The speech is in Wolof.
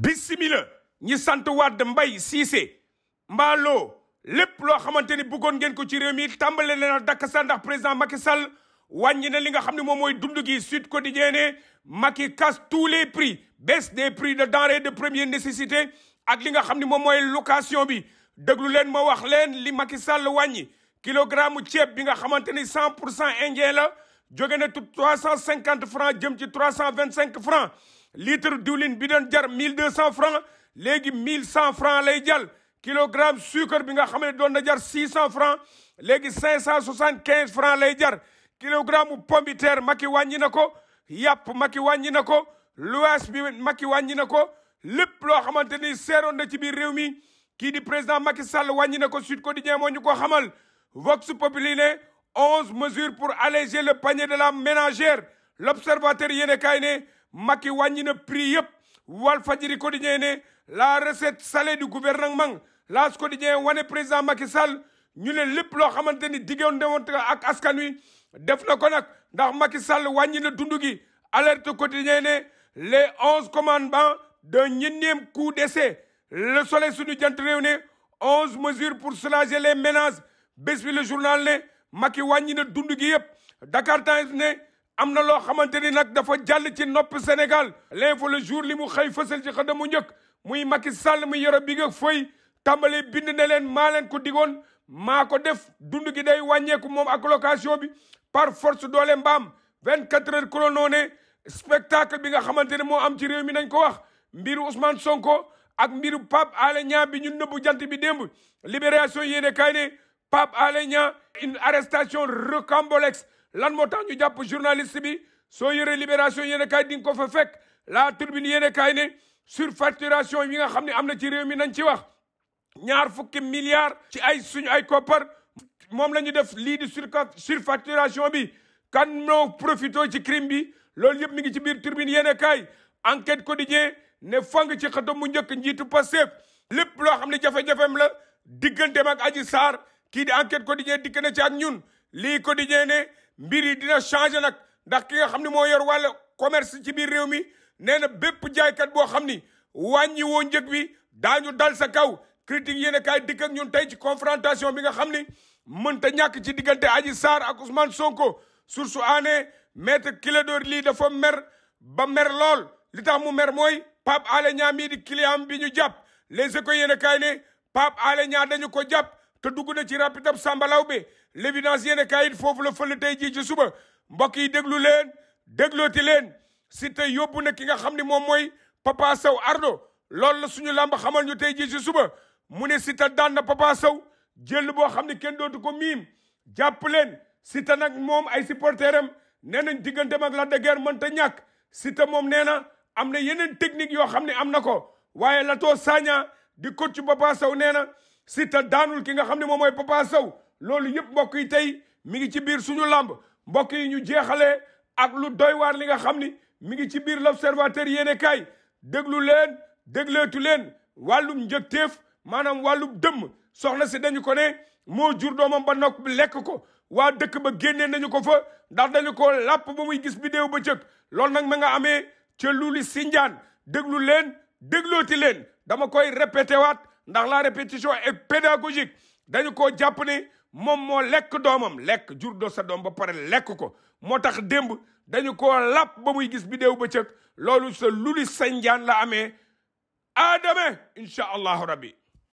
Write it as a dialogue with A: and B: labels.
A: bisimila ñi sant Wade Mbaye Cissé Mballo lépp loo xamante ni bëggoon ngeen ko ci réew mi tàmbale leen dakk sa ndax président Macky Sall na li nga xam ne moom mooy dund gi Sud Quotidien ne Macky casse tous les prix baisse des prix de denrées de premier nécessité ak li nga xam ne moom mooy location bi déglu leen ma wax leen li Macky Sall wàññi kilogramme ceeb bi nga xamante ni cent pour cent indien la jóge na tout trois cent cinquante francs jëm ci trois cent vingt cinq francs litre diwlin bi doon jar mille deux cent franc léegi mille cent franc lay jal kilogramme sucre bi nga xam ne doon na jar six cent franc léegi cinq cent soixante quinze franc lay jar kilogramme pombiteer Macky wàññi na ko yàpp Macky wàññi na ko luwaas bi Macky wàññi na ko lépp loo xamante ni seeroon na ci biir réew mi kii di président Macky Sall wàññi na ko Sud Quotidien moo ñu ko xamal Vox Populi ne onze mesures pour alléger le panier de la ménagère l'observateur yéene kaay ne Macky wàññi na prix yëpp Walf Fadjri quotidien ne la recette salée du gouvernement L'As quotidien wane président Macky Sall ñu ne lépp loo xamante ni diggoon demoon ak askan wi def na ko nag ndax Macky Sall wàññi na dund gi alerte quotidien ne les onze commandements de énième coup d'essai le soleil suñu jant réew ne onze mesures pour soulager les ménages bés bi le journal ne Macky wàññi na dund gi yëpp Dakar Times ne am na loo xamante ni nag dafa jàll ci nopp Sénégal l'info le jour li mu xëy fësal ci xëdamu njëkk muy Macky Sall mu yoro bi nga fëy tàmbali bind ne leen maaleen ko digoon maa ko def dund gi day wàññeeku moom ak location bi par force doole mbaam 24 heures chrono ne spectacle bi nga xamante ne moo am ci réew mi nañ ko wax mbiru Ousmane Sonko ak mbiru Pape Alé Niang bi ñu nëbbu jant bi démb libération yéene kay ne Pape Alé Niang une arrestation rocambolesque lan moo tax ñu jàpp journaliste bi soo yore libération yéen a kaay di ko fa fekk la turbine yéen a kaay ne surfacturation yi nga xam ne am na ci réew mi nañ ci wax ñaar fukki milliards ci ay suñu ay koppar moom la ñu def lii di surfacturation bi kan noo profito ci crime bi loolu yëpp mi ngi ci biir turbine yéen a kaay enquête quotidien ne fang ci xatam mu njëkk njiitu Pastef lépp loo xam ne jafe-jafem la diggante ak Adji saar kii di enquête quotidien dikk na ci ak ñun lii quotidien ne mbir yi dina changé nag ndax ki nga xam ne moo yor wàll commerce ci biir réew mi nee na bépp jaaykat boo xam ni wàññi woo njëg bi daañu dal sa kaw critique yéen kaay dikk ak ñun tey ci confrontation bi nga xam ni mënta ñàkk ci diggante Adji Sarr ak Ousmane Sonko source aanee maître Clédor lii dafa mer ba mer lool li tax mu mer mooy Pape Alé Niang mii di client bi ñu jàpp les écoles yéen kaay ne Pape Alé Niang dañu ko jàpp te dugg na ci rapitab sambalaw bi l'évidence yéen kaay it foofu la fële tey jii ci suba mbokk yi déglu leen déglooti leen si te yóbbu na ki nga xam ni moom mooy Papa Sow Ardo loolu la suñu làmb xamal ñu tey jii ci suba mu ne si te daan na Papa Sow jël boo xam ne kenn dootu ko miim jàpp leen si te nag moom ay supporteram nee nañ digganteem ak Lac de Guiers mënta ñàkk si te moom nee na am na yeneen technique yoo xam ne am na ko waaye Lato Sagna di coach Papa Sow nee na Siteu daanul ki nga xam ne moom mooy Papa Sow loolu yëpp mbokk yi tey mi ngi ci biir suñu làmb mbokk yi ñu jeexale ak lu doy waar li nga xam ni mi ngi ci biir l'observateur yéene kaay déglu leen dégleetu leen wàllum njëgteef maanaam wàllum dëmm soxna si dañu ko ne moo jur doomam ba nokk lekk ko waa dëkk ba génnee nañu ko fa ndax dañu ko làpp ba muy gis bidéew ba cëg loolu nag ma nga amee ca luuli sinjaan déglu leen déglooti leen dama koy répété waat ndax la répétition e pédagogique dañu koo jàpp ne moom moo lekk doomam lekk jur do sa doom ba pare lekk ko moo tax démb dañu ko làpp ba muy gis bidéew bëccëg loolu sa luli sanjaan la amee aadame incha allahu rabbi